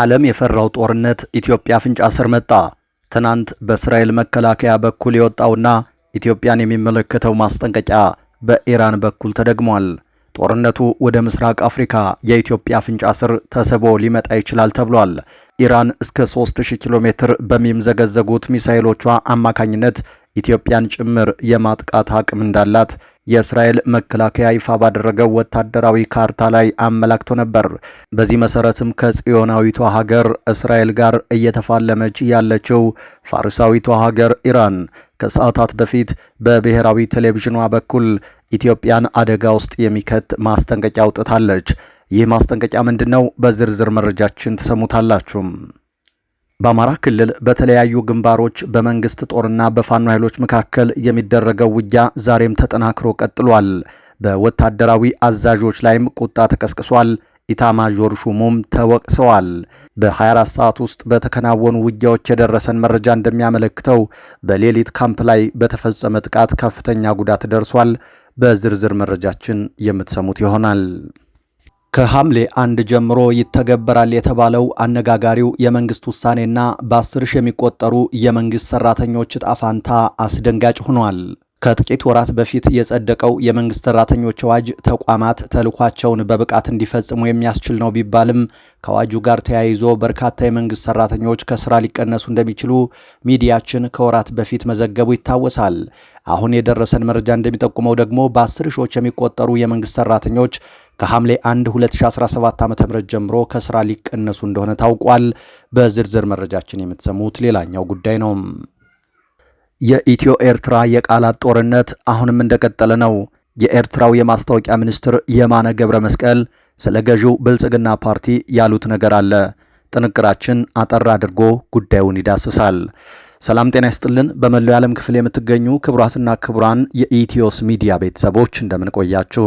ዓለም የፈራው ጦርነት ኢትዮጵያ አፍንጫ ስር መጣ። ትናንት በእስራኤል መከላከያ በኩል የወጣውና ኢትዮጵያን የሚመለከተው ማስጠንቀቂያ በኢራን በኩል ተደግሟል። ጦርነቱ ወደ ምስራቅ አፍሪካ የኢትዮጵያ አፍንጫ ስር ተስቦ ሊመጣ ይችላል ተብሏል። ኢራን እስከ 3000 ኪሎ ሜትር በሚምዘገዘጉት ሚሳይሎቿ አማካኝነት ኢትዮጵያን ጭምር የማጥቃት አቅም እንዳላት የእስራኤል መከላከያ ይፋ ባደረገው ወታደራዊ ካርታ ላይ አመላክቶ ነበር። በዚህ መሰረትም ከጽዮናዊቷ ሀገር እስራኤል ጋር እየተፋለመች ያለችው ፋርሳዊቷ ሀገር ኢራን ከሰዓታት በፊት በብሔራዊ ቴሌቪዥኗ በኩል ኢትዮጵያን አደጋ ውስጥ የሚከት ማስጠንቀቂያ አውጥታለች። ይህ ማስጠንቀቂያ ምንድን ነው? በዝርዝር መረጃችን ትሰሙታላችሁም። በአማራ ክልል በተለያዩ ግንባሮች በመንግስት ጦርና በፋኖ ኃይሎች መካከል የሚደረገው ውጊያ ዛሬም ተጠናክሮ ቀጥሏል። በወታደራዊ አዛዦች ላይም ቁጣ ተቀስቅሷል። ኢታማዦር ሹሙም ተወቅሰዋል። በ24 ሰዓት ውስጥ በተከናወኑ ውጊያዎች የደረሰን መረጃ እንደሚያመለክተው በሌሊት ካምፕ ላይ በተፈጸመ ጥቃት ከፍተኛ ጉዳት ደርሷል። በዝርዝር መረጃችን የምትሰሙት ይሆናል። ከሐምሌ አንድ ጀምሮ ይተገበራል የተባለው አነጋጋሪው የመንግስት ውሳኔና በአስር ሺህ የሚቆጠሩ የመንግስት ሰራተኞች እጣ ፋንታ አስደንጋጭ ሆኗል። ከጥቂት ወራት በፊት የጸደቀው የመንግስት ሰራተኞች አዋጅ ተቋማት ተልኳቸውን በብቃት እንዲፈጽሙ የሚያስችል ነው ቢባልም ከአዋጁ ጋር ተያይዞ በርካታ የመንግስት ሰራተኞች ከስራ ሊቀነሱ እንደሚችሉ ሚዲያችን ከወራት በፊት መዘገቡ ይታወሳል። አሁን የደረሰን መረጃ እንደሚጠቁመው ደግሞ በአስር ሺዎች የሚቆጠሩ የመንግስት ሰራተኞች ከሐምሌ 1 2017 ዓ ም ጀምሮ ከስራ ሊቀነሱ እንደሆነ ታውቋል። በዝርዝር መረጃችን የምትሰሙት ሌላኛው ጉዳይ ነው። የኢትዮ ኤርትራ የቃላት ጦርነት አሁንም እንደቀጠለ ነው። የኤርትራው የማስታወቂያ ሚኒስትር የማነ ገብረ መስቀል ስለ ገዢው ብልጽግና ፓርቲ ያሉት ነገር አለ። ጥንቅራችን አጠር አድርጎ ጉዳዩን ይዳስሳል። ሰላም ጤና ይስጥልን። በመላው የዓለም ክፍል የምትገኙ ክቡራትና ክቡራን የኢትዮስ ሚዲያ ቤተሰቦች እንደምን ቆያችሁ?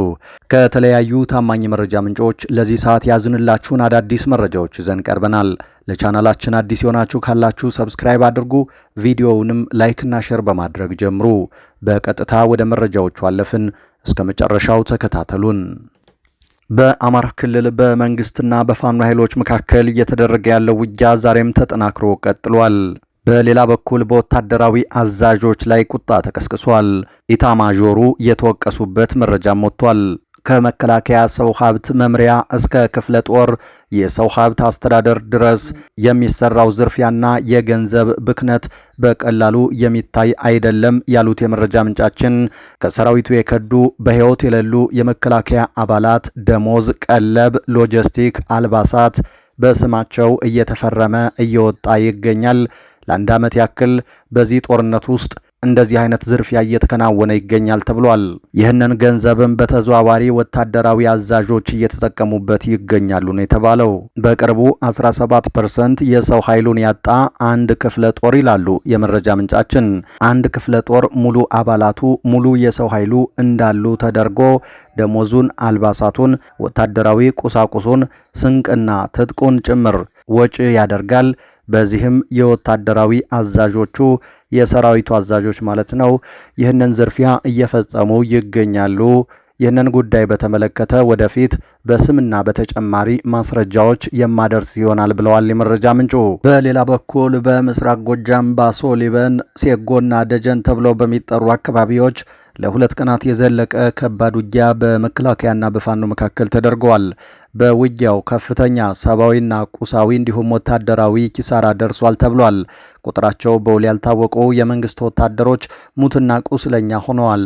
ከተለያዩ ታማኝ መረጃ ምንጮች ለዚህ ሰዓት ያዝንላችሁን አዳዲስ መረጃዎች ይዘን ቀርበናል። ለቻናላችን አዲስ የሆናችሁ ካላችሁ ሰብስክራይብ አድርጉ፣ ቪዲዮውንም ላይክና ሼር በማድረግ ጀምሩ። በቀጥታ ወደ መረጃዎቹ አለፍን። እስከ መጨረሻው ተከታተሉን። በአማራ ክልል በመንግስትና በፋኖ ኃይሎች መካከል እየተደረገ ያለው ውጊያ ዛሬም ተጠናክሮ ቀጥሏል። በሌላ በኩል በወታደራዊ አዛዦች ላይ ቁጣ ተቀስቅሷል። ኢታማዦሩ የተወቀሱበት መረጃም ወጥቷል። ከመከላከያ ሰው ሀብት መምሪያ እስከ ክፍለ ጦር የሰው ሀብት አስተዳደር ድረስ የሚሰራው ዝርፊያና የገንዘብ ብክነት በቀላሉ የሚታይ አይደለም ያሉት የመረጃ ምንጫችን ከሰራዊቱ የከዱ በሕይወት የሌሉ የመከላከያ አባላት ደሞዝ፣ ቀለብ፣ ሎጂስቲክ፣ አልባሳት በስማቸው እየተፈረመ እየወጣ ይገኛል። ለአንድ ዓመት ያክል በዚህ ጦርነት ውስጥ እንደዚህ አይነት ዝርፊያ እየተከናወነ ይገኛል ተብሏል። ይህንን ገንዘብም በተዘዋዋሪ ወታደራዊ አዛዦች እየተጠቀሙበት ይገኛሉ ነው የተባለው። በቅርቡ 17 ፐርሰንት የሰው ኃይሉን ያጣ አንድ ክፍለ ጦር ይላሉ የመረጃ ምንጫችን። አንድ ክፍለ ጦር ሙሉ አባላቱ ሙሉ የሰው ኃይሉ እንዳሉ ተደርጎ ደሞዙን፣ አልባሳቱን፣ ወታደራዊ ቁሳቁሱን፣ ስንቅና ትጥቁን ጭምር ወጪ ያደርጋል። በዚህም የወታደራዊ አዛዦቹ የሰራዊቱ አዛዦች ማለት ነው ይህንን ዝርፊያ እየፈጸሙ ይገኛሉ። ይህንን ጉዳይ በተመለከተ ወደፊት በስምና በተጨማሪ ማስረጃዎች የማደርስ ይሆናል ብለዋል የመረጃ ምንጩ። በሌላ በኩል በምስራቅ ጎጃም ባሶ ሊበን፣ ሴጎና ደጀን ተብለው በሚጠሩ አካባቢዎች ለሁለት ቀናት የዘለቀ ከባድ ውጊያ በመከላከያና በፋኖ መካከል ተደርገዋል። በውጊያው ከፍተኛ ሰብአዊና ቁሳዊ እንዲሁም ወታደራዊ ኪሳራ ደርሷል ተብሏል። ቁጥራቸው በውል ያልታወቁ የመንግስት ወታደሮች ሙትና ቁስለኛ ሆነዋል።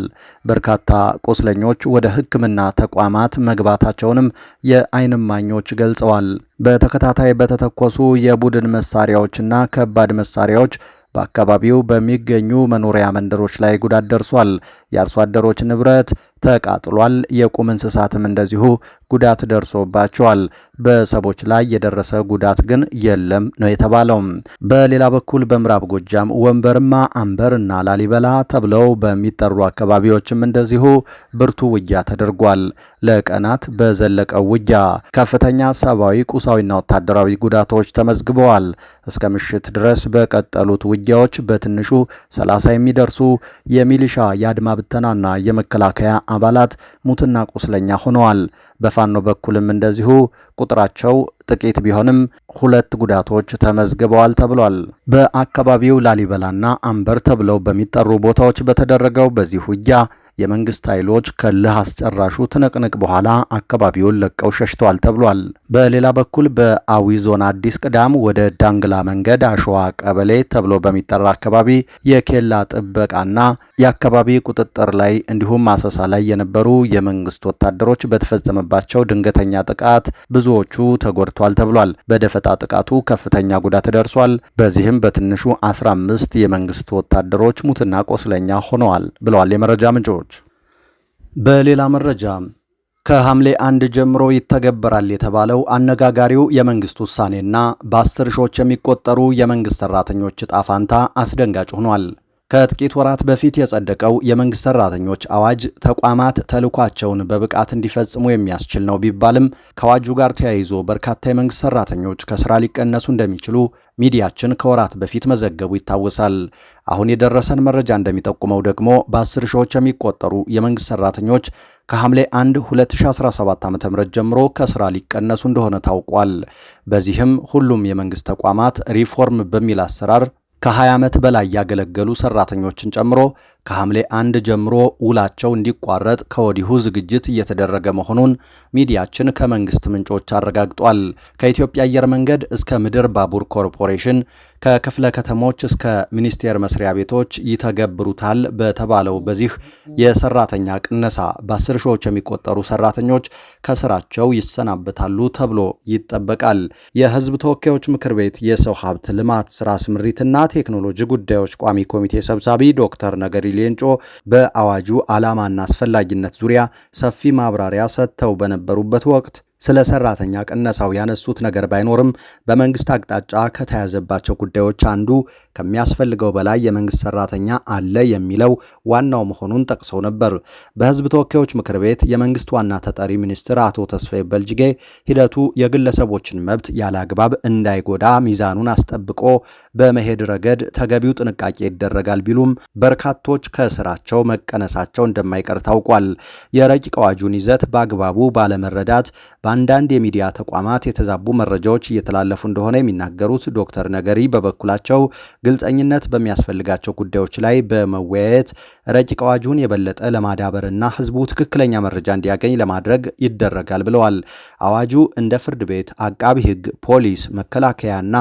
በርካታ ቁስለኞች ወደ ሕክምና ተቋማት መግባታቸውንም የአይን እማኞች ገልጸዋል። በተከታታይ በተተኮሱ የቡድን መሳሪያዎችና ከባድ መሳሪያዎች በአካባቢው በሚገኙ መኖሪያ መንደሮች ላይ ጉዳት ደርሷል። የአርሶ አደሮች ንብረት ተቃጥሏል። የቁም እንስሳትም እንደዚሁ ጉዳት ደርሶባቸዋል። በሰቦች ላይ የደረሰ ጉዳት ግን የለም ነው የተባለው። በሌላ በኩል በምዕራብ ጎጃም ወንበርማ፣ አንበር እና ላሊበላ ተብለው በሚጠሩ አካባቢዎችም እንደዚሁ ብርቱ ውጊያ ተደርጓል። ለቀናት በዘለቀው ውጊያ ከፍተኛ ሰብአዊ፣ ቁሳዊና ወታደራዊ ጉዳቶች ተመዝግበዋል። እስከ ምሽት ድረስ በቀጠሉት ውጊያዎች በትንሹ 30 የሚደርሱ የሚሊሻ የአድማ ብተናና የመከላከያ አባላት ሙትና ቁስለኛ ሆነዋል። በፋኖ በኩልም እንደዚሁ ቁጥራቸው ጥቂት ቢሆንም ሁለት ጉዳቶች ተመዝግበዋል ተብሏል። በአካባቢው ላሊበላና አንበር ተብለው በሚጠሩ ቦታዎች በተደረገው በዚህ ውጊያ የመንግስት ኃይሎች ከልህ አስጨራሹ ትንቅንቅ በኋላ አካባቢውን ለቀው ሸሽተዋል ተብሏል። በሌላ በኩል በአዊ ዞን አዲስ ቅዳም ወደ ዳንግላ መንገድ አሸዋ ቀበሌ ተብሎ በሚጠራ አካባቢ የኬላ ጥበቃና የአካባቢ ቁጥጥር ላይ እንዲሁም አሰሳ ላይ የነበሩ የመንግስት ወታደሮች በተፈጸመባቸው ድንገተኛ ጥቃት ብዙዎቹ ተጎድቷል ተብሏል። በደፈጣ ጥቃቱ ከፍተኛ ጉዳት ደርሷል። በዚህም በትንሹ 15 የመንግስት ወታደሮች ሙትና ቆስለኛ ሆነዋል ብለዋል የመረጃ ምንጮች። በሌላ መረጃ ከሐምሌ አንድ ጀምሮ ይተገበራል የተባለው አነጋጋሪው የመንግስት ውሳኔና በአስር ሺዎች የሚቆጠሩ የመንግስት ሰራተኞች ጣፋንታ ፋንታ አስደንጋጭ ሆኗል። ከጥቂት ወራት በፊት የጸደቀው የመንግስት ሰራተኞች አዋጅ ተቋማት ተልኳቸውን በብቃት እንዲፈጽሙ የሚያስችል ነው ቢባልም ከአዋጁ ጋር ተያይዞ በርካታ የመንግስት ሰራተኞች ከስራ ሊቀነሱ እንደሚችሉ ሚዲያችን ከወራት በፊት መዘገቡ ይታወሳል። አሁን የደረሰን መረጃ እንደሚጠቁመው ደግሞ በአስር ሺዎች የሚቆጠሩ የመንግስት ሰራተኞች ከሐምሌ 1 2017 ዓ ም ጀምሮ ከስራ ሊቀነሱ እንደሆነ ታውቋል። በዚህም ሁሉም የመንግስት ተቋማት ሪፎርም በሚል አሰራር ከ20 ዓመት በላይ ያገለገሉ ሰራተኞችን ጨምሮ ከሐምሌ አንድ ጀምሮ ውላቸው እንዲቋረጥ ከወዲሁ ዝግጅት እየተደረገ መሆኑን ሚዲያችን ከመንግስት ምንጮች አረጋግጧል። ከኢትዮጵያ አየር መንገድ እስከ ምድር ባቡር ኮርፖሬሽን፣ ከክፍለ ከተሞች እስከ ሚኒስቴር መስሪያ ቤቶች ይተገብሩታል በተባለው በዚህ የሰራተኛ ቅነሳ በአስር ሺዎች የሚቆጠሩ ሰራተኞች ከስራቸው ይሰናበታሉ ተብሎ ይጠበቃል። የህዝብ ተወካዮች ምክር ቤት የሰው ሀብት ልማት ስራ ስምሪትና ቴክኖሎጂ ጉዳዮች ቋሚ ኮሚቴ ሰብሳቢ ዶክተር ነገሪ ሌንጮ በአዋጁ ዓላማና አስፈላጊነት ዙሪያ ሰፊ ማብራሪያ ሰጥተው በነበሩበት ወቅት ስለ ሰራተኛ ቅነሳው ያነሱት ነገር ባይኖርም በመንግስት አቅጣጫ ከተያዘባቸው ጉዳዮች አንዱ ከሚያስፈልገው በላይ የመንግስት ሰራተኛ አለ የሚለው ዋናው መሆኑን ጠቅሰው ነበር። በህዝብ ተወካዮች ምክር ቤት የመንግስት ዋና ተጠሪ ሚኒስትር አቶ ተስፋዬ በልጅጌ ሂደቱ የግለሰቦችን መብት ያለ አግባብ እንዳይጎዳ ሚዛኑን አስጠብቆ በመሄድ ረገድ ተገቢው ጥንቃቄ ይደረጋል ቢሉም በርካቶች ከስራቸው መቀነሳቸው እንደማይቀር ታውቋል። የረቂቅ አዋጁን ይዘት በአግባቡ ባለመረዳት በ በአንዳንድ የሚዲያ ተቋማት የተዛቡ መረጃዎች እየተላለፉ እንደሆነ የሚናገሩት ዶክተር ነገሪ በበኩላቸው ግልጸኝነት በሚያስፈልጋቸው ጉዳዮች ላይ በመወያየት ረቂቅ አዋጁን የበለጠ ለማዳበርና ህዝቡ ትክክለኛ መረጃ እንዲያገኝ ለማድረግ ይደረጋል ብለዋል። አዋጁ እንደ ፍርድ ቤት፣ አቃቢ ህግ ፖሊስ፣ መከላከያና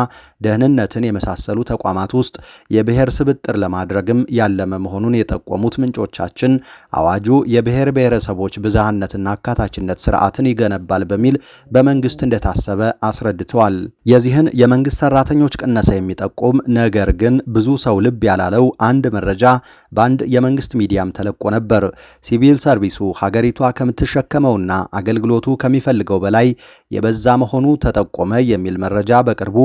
ደህንነትን የመሳሰሉ ተቋማት ውስጥ የብሔር ስብጥር ለማድረግም ያለመ መሆኑን የጠቆሙት ምንጮቻችን አዋጁ የብሔር ብሔረሰቦች ብዝሃነትና አካታችነት ስርዓትን ይገነባል በሚ በሚል በመንግስት እንደታሰበ አስረድተዋል። የዚህን የመንግስት ሰራተኞች ቅነሳ የሚጠቁም ነገር ግን ብዙ ሰው ልብ ያላለው አንድ መረጃ በአንድ የመንግስት ሚዲያም ተለቆ ነበር። ሲቪል ሰርቪሱ ሀገሪቷ ከምትሸከመውና አገልግሎቱ ከሚፈልገው በላይ የበዛ መሆኑ ተጠቆመ የሚል መረጃ በቅርቡ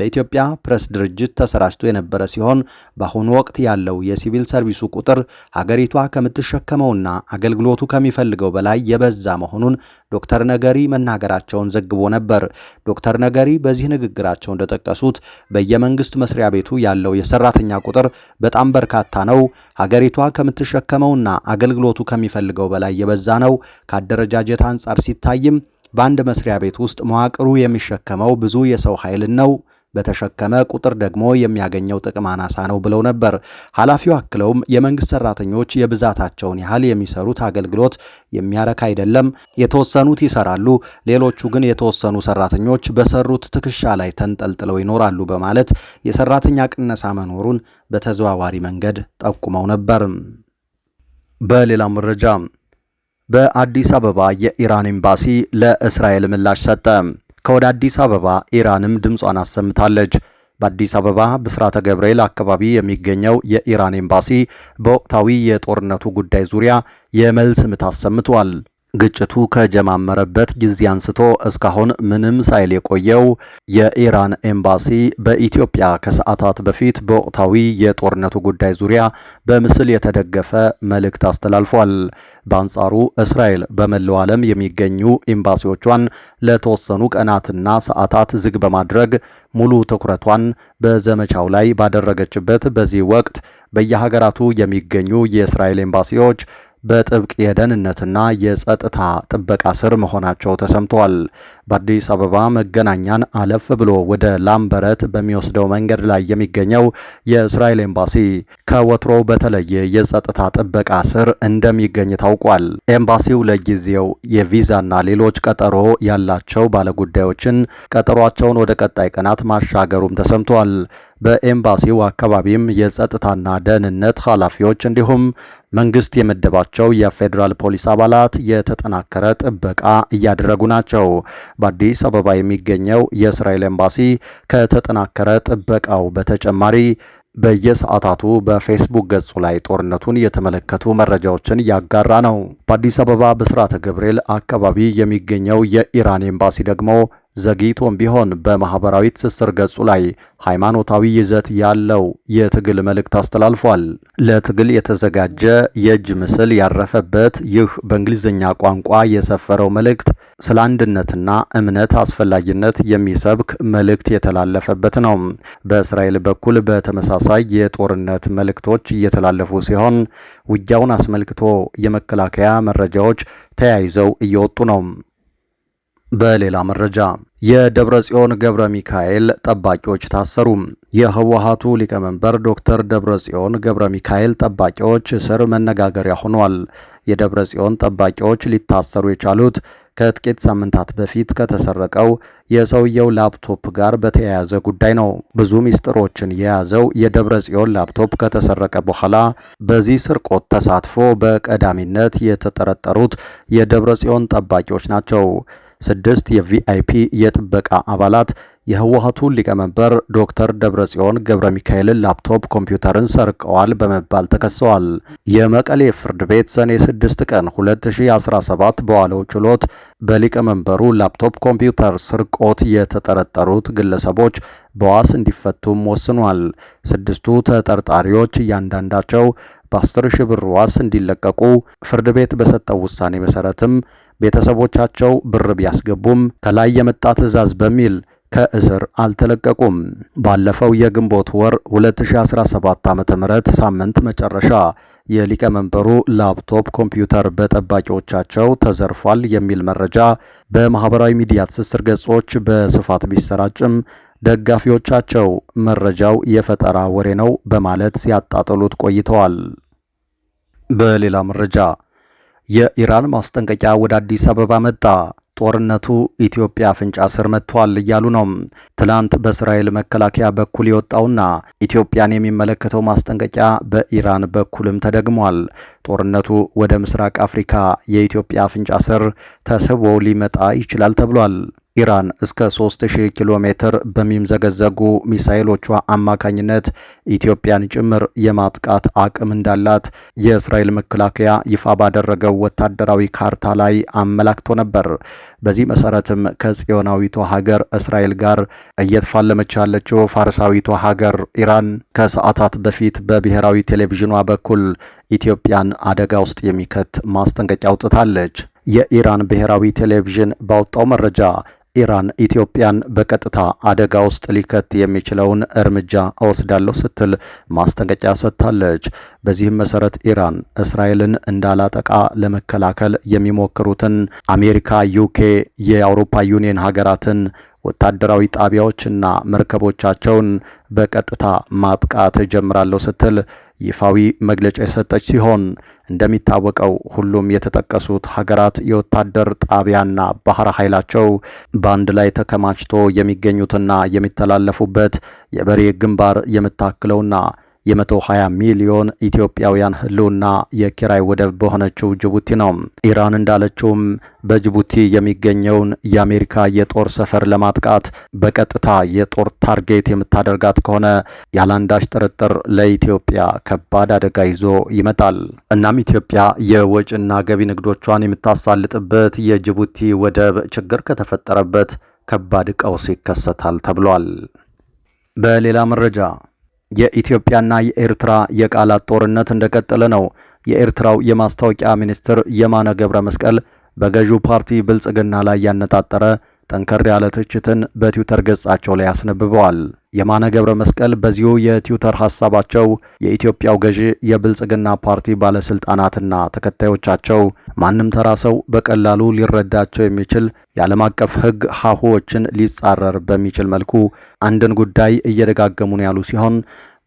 በኢትዮጵያ ፕሬስ ድርጅት ተሰራጭቶ የነበረ ሲሆን በአሁኑ ወቅት ያለው የሲቪል ሰርቪሱ ቁጥር ሀገሪቷ ከምትሸከመውና አገልግሎቱ ከሚፈልገው በላይ የበዛ መሆኑን ዶክተር ነገሪ መናገራቸውን ዘግቦ ነበር። ዶክተር ነገሪ በዚህ ንግግራቸው እንደጠቀሱት በየመንግስት መስሪያ ቤቱ ያለው የሰራተኛ ቁጥር በጣም በርካታ ነው። ሀገሪቷ ከምትሸከመውና አገልግሎቱ ከሚፈልገው በላይ የበዛ ነው። ከአደረጃጀት አንጻር ሲታይም በአንድ መስሪያ ቤት ውስጥ መዋቅሩ የሚሸከመው ብዙ የሰው ኃይልን ነው በተሸከመ ቁጥር ደግሞ የሚያገኘው ጥቅም አናሳ ነው ብለው ነበር። ኃላፊው አክለውም የመንግስት ሰራተኞች የብዛታቸውን ያህል የሚሰሩት አገልግሎት የሚያረካ አይደለም። የተወሰኑት ይሰራሉ፣ ሌሎቹ ግን የተወሰኑ ሰራተኞች በሰሩት ትከሻ ላይ ተንጠልጥለው ይኖራሉ በማለት የሰራተኛ ቅነሳ መኖሩን በተዘዋዋሪ መንገድ ጠቁመው ነበር። በሌላ መረጃ በአዲስ አበባ የኢራን ኤምባሲ ለእስራኤል ምላሽ ሰጠ። ከወደ አዲስ አበባ ኢራንም ድምጿን አሰምታለች። በአዲስ አበባ ብስራተ ገብርኤል አካባቢ የሚገኘው የኢራን ኤምባሲ በወቅታዊ የጦርነቱ ጉዳይ ዙሪያ የመልስ ምት አሰምቷል። ግጭቱ ከጀማመረበት ጊዜ አንስቶ እስካሁን ምንም ሳይል የቆየው የኢራን ኤምባሲ በኢትዮጵያ ከሰዓታት በፊት በወቅታዊ የጦርነቱ ጉዳይ ዙሪያ በምስል የተደገፈ መልእክት አስተላልፏል። በአንጻሩ እስራኤል በመላው ዓለም የሚገኙ ኤምባሲዎቿን ለተወሰኑ ቀናትና ሰዓታት ዝግ በማድረግ ሙሉ ትኩረቷን በዘመቻው ላይ ባደረገችበት በዚህ ወቅት በየሀገራቱ የሚገኙ የእስራኤል ኤምባሲዎች በጥብቅ የደህንነትና የጸጥታ ጥበቃ ስር መሆናቸው ተሰምተዋል። በአዲስ አበባ መገናኛን አለፍ ብሎ ወደ ላምበረት በሚወስደው መንገድ ላይ የሚገኘው የእስራኤል ኤምባሲ ከወትሮ በተለየ የጸጥታ ጥበቃ ስር እንደሚገኝ ታውቋል። ኤምባሲው ለጊዜው የቪዛና ሌሎች ቀጠሮ ያላቸው ባለጉዳዮችን ቀጠሯቸውን ወደ ቀጣይ ቀናት ማሻገሩም ተሰምቷል። በኤምባሲው አካባቢም የጸጥታና ደህንነት ኃላፊዎች እንዲሁም መንግስት የመደባቸው የፌዴራል ፖሊስ አባላት የተጠናከረ ጥበቃ እያደረጉ ናቸው። በአዲስ አበባ የሚገኘው የእስራኤል ኤምባሲ ከተጠናከረ ጥበቃው በተጨማሪ በየሰዓታቱ በፌስቡክ ገጹ ላይ ጦርነቱን የተመለከቱ መረጃዎችን እያጋራ ነው። በአዲስ አበባ በስርዓተ ገብርኤል አካባቢ የሚገኘው የኢራን ኤምባሲ ደግሞ ዘግይቶም ቢሆን በማኅበራዊ ትስስር ገጹ ላይ ሃይማኖታዊ ይዘት ያለው የትግል መልእክት አስተላልፏል። ለትግል የተዘጋጀ የእጅ ምስል ያረፈበት ይህ በእንግሊዝኛ ቋንቋ የሰፈረው መልእክት ስለ አንድነትና እምነት አስፈላጊነት የሚሰብክ መልእክት የተላለፈበት ነው። በእስራኤል በኩል በተመሳሳይ የጦርነት መልእክቶች እየተላለፉ ሲሆን ውጊያውን አስመልክቶ የመከላከያ መረጃዎች ተያይዘው እየወጡ ነው። በሌላ መረጃ የደብረ ጽዮን ገብረ ሚካኤል ጠባቂዎች ታሰሩ። የህወሀቱ ሊቀመንበር ዶክተር ደብረ ጽዮን ገብረ ሚካኤል ጠባቂዎች እስር መነጋገሪያ ሆኗል። የደብረ ጽዮን ጠባቂዎች ሊታሰሩ የቻሉት ከጥቂት ሳምንታት በፊት ከተሰረቀው የሰውየው ላፕቶፕ ጋር በተያያዘ ጉዳይ ነው። ብዙ ሚስጥሮችን የያዘው የደብረ ጽዮን ላፕቶፕ ከተሰረቀ በኋላ በዚህ ስርቆት ተሳትፎ በቀዳሚነት የተጠረጠሩት የደብረ ጽዮን ጠባቂዎች ናቸው። ስድስት የቪአይፒ የጥበቃ አባላት የህወሀቱ ሊቀመንበር ዶክተር ደብረጽዮን ገብረ ሚካኤልን ላፕቶፕ ኮምፒውተርን ሰርቀዋል በመባል ተከሰዋል። የመቀሌ ፍርድ ቤት ሰኔ 6 ቀን 2017 በዋለው ችሎት በሊቀመንበሩ ላፕቶፕ ኮምፒውተር ስርቆት የተጠረጠሩት ግለሰቦች በዋስ እንዲፈቱም ወስኗል። ስድስቱ ተጠርጣሪዎች እያንዳንዳቸው በ10 ሺህ ብር ዋስ እንዲለቀቁ ፍርድ ቤት በሰጠው ውሳኔ መሰረትም ቤተሰቦቻቸው ብር ቢያስገቡም ከላይ የመጣ ትዕዛዝ በሚል ከእስር አልተለቀቁም። ባለፈው የግንቦት ወር 2017 ዓ.ም ሳምንት መጨረሻ የሊቀመንበሩ ላፕቶፕ ኮምፒውተር በጠባቂዎቻቸው ተዘርፏል የሚል መረጃ በማህበራዊ ሚዲያ ትስስር ገጾች በስፋት ቢሰራጭም ደጋፊዎቻቸው መረጃው የፈጠራ ወሬ ነው በማለት ሲያጣጥሉት ቆይተዋል። በሌላ መረጃ የኢራን ማስጠንቀቂያ ወደ አዲስ አበባ መጣ። ጦርነቱ ኢትዮጵያ አፍንጫ ስር መጥቷል እያሉ ነው። ትላንት በእስራኤል መከላከያ በኩል የወጣውና ኢትዮጵያን የሚመለከተው ማስጠንቀቂያ በኢራን በኩልም ተደግሟል። ጦርነቱ ወደ ምስራቅ አፍሪካ የኢትዮጵያ አፍንጫ ስር ተስቦ ሊመጣ ይችላል ተብሏል። ኢራን እስከ 3000 ኪሎ ሜትር በሚምዘገዘጉ ሚሳይሎቿ አማካኝነት ኢትዮጵያን ጭምር የማጥቃት አቅም እንዳላት የእስራኤል መከላከያ ይፋ ባደረገው ወታደራዊ ካርታ ላይ አመላክቶ ነበር። በዚህ መሰረትም ከጽዮናዊቷ ሀገር እስራኤል ጋር እየተፋለመች ያለችው ፋርሳዊቷ ሀገር ኢራን ከሰዓታት በፊት በብሔራዊ ቴሌቪዥኗ በኩል ኢትዮጵያን አደጋ ውስጥ የሚከት ማስጠንቀቂያ አውጥታለች። የኢራን ብሔራዊ ቴሌቪዥን ባወጣው መረጃ ኢራን ኢትዮጵያን በቀጥታ አደጋ ውስጥ ሊከት የሚችለውን እርምጃ እወስዳለሁ ስትል ማስጠንቀቂያ ሰጥታለች። በዚህም መሰረት ኢራን እስራኤልን እንዳላጠቃ ለመከላከል የሚሞክሩትን አሜሪካ፣ ዩኬ፣ የአውሮፓ ዩኒየን ሀገራትን ወታደራዊ ጣቢያዎችና መርከቦቻቸውን በቀጥታ ማጥቃት ጀምራለው ስትል ይፋዊ መግለጫ የሰጠች ሲሆን እንደሚታወቀው ሁሉም የተጠቀሱት ሀገራት የወታደር ጣቢያና ባህር ኃይላቸው በአንድ ላይ ተከማችቶ የሚገኙትና የሚተላለፉበት የበሬ ግንባር የምታክለውና የ120 ሚሊዮን ኢትዮጵያውያን ህልውና የኪራይ ወደብ በሆነችው ጅቡቲ ነው። ኢራን እንዳለችውም በጅቡቲ የሚገኘውን የአሜሪካ የጦር ሰፈር ለማጥቃት በቀጥታ የጦር ታርጌት የምታደርጋት ከሆነ ያለአንዳች ጥርጥር ለኢትዮጵያ ከባድ አደጋ ይዞ ይመጣል። እናም ኢትዮጵያ የወጪና ገቢ ንግዶቿን የምታሳልጥበት የጅቡቲ ወደብ ችግር ከተፈጠረበት ከባድ ቀውስ ይከሰታል ተብሏል። በሌላ መረጃ የኢትዮጵያና የኤርትራ የቃላት ጦርነት እንደቀጠለ ነው። የኤርትራው የማስታወቂያ ሚኒስትር የማነ ገብረ መስቀል በገዢው ፓርቲ ብልጽግና ላይ ያነጣጠረ ጠንከር ያለ ትችትን በትዊተር ገጻቸው ላይ አስነብበዋል። የማነ ገብረ መስቀል በዚሁ የትዊተር ሐሳባቸው የኢትዮጵያው ገዢ የብልጽግና ፓርቲ ባለስልጣናትና ተከታዮቻቸው ማንም ተራ ሰው በቀላሉ ሊረዳቸው የሚችል የዓለም አቀፍ ሕግ ሀሆዎችን ሊጻረር በሚችል መልኩ አንድን ጉዳይ እየደጋገሙ ነው ያሉ ሲሆን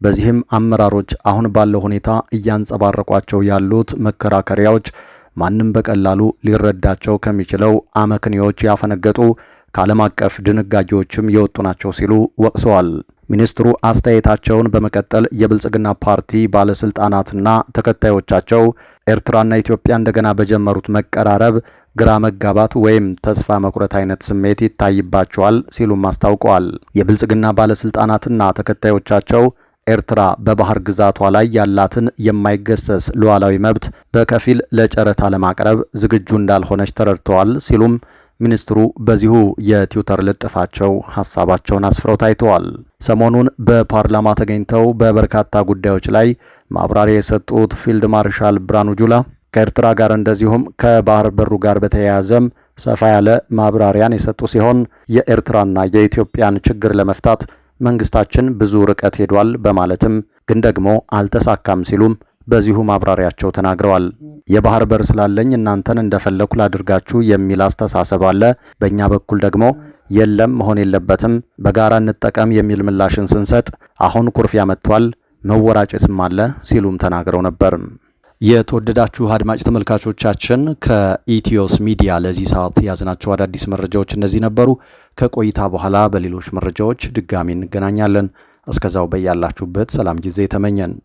በዚህም አመራሮች አሁን ባለው ሁኔታ እያንጸባረቋቸው ያሉት መከራከሪያዎች ማንም በቀላሉ ሊረዳቸው ከሚችለው አመክንዮዎች ያፈነገጡ ከዓለም አቀፍ ድንጋጌዎችም የወጡ ናቸው ሲሉ ወቅሰዋል። ሚኒስትሩ አስተያየታቸውን በመቀጠል የብልጽግና ፓርቲ ባለስልጣናትና ተከታዮቻቸው ኤርትራና ኢትዮጵያ እንደገና በጀመሩት መቀራረብ ግራ መጋባት ወይም ተስፋ መቁረጥ አይነት ስሜት ይታይባቸዋል ሲሉም አስታውቀዋል። የብልጽግና ባለስልጣናትና ተከታዮቻቸው ኤርትራ በባህር ግዛቷ ላይ ያላትን የማይገሰስ ሉዓላዊ መብት በከፊል ለጨረታ ለማቅረብ ዝግጁ እንዳልሆነች ተረድተዋል ሲሉም ሚኒስትሩ በዚሁ የትዊተር ልጥፋቸው ሀሳባቸውን አስፍረው ታይተዋል። ሰሞኑን በፓርላማ ተገኝተው በበርካታ ጉዳዮች ላይ ማብራሪያ የሰጡት ፊልድ ማርሻል ብርሃኑ ጁላ ከኤርትራ ጋር እንደዚሁም ከባህር በሩ ጋር በተያያዘም ሰፋ ያለ ማብራሪያን የሰጡ ሲሆን የኤርትራና የኢትዮጵያን ችግር ለመፍታት መንግስታችን ብዙ ርቀት ሄዷል በማለትም ግን ደግሞ አልተሳካም ሲሉም በዚሁ ማብራሪያቸው ተናግረዋል። የባህር በር ስላለኝ እናንተን እንደፈለኩ ላድርጋችሁ የሚል አስተሳሰብ አለ። በእኛ በኩል ደግሞ የለም፣ መሆን የለበትም፣ በጋራ እንጠቀም የሚል ምላሽን ስንሰጥ አሁን ኩርፊያ መጥቷል፣ መወራጨትም አለ ሲሉም ተናግረው ነበር። የተወደዳችሁ አድማጭ ተመልካቾቻችን ከኢትዮስ ሚዲያ ለዚህ ሰዓት የያዝናቸው አዳዲስ መረጃዎች እነዚህ ነበሩ። ከቆይታ በኋላ በሌሎች መረጃዎች ድጋሚ እንገናኛለን። እስከዛው በያላችሁበት ሰላም ጊዜ ተመኘን።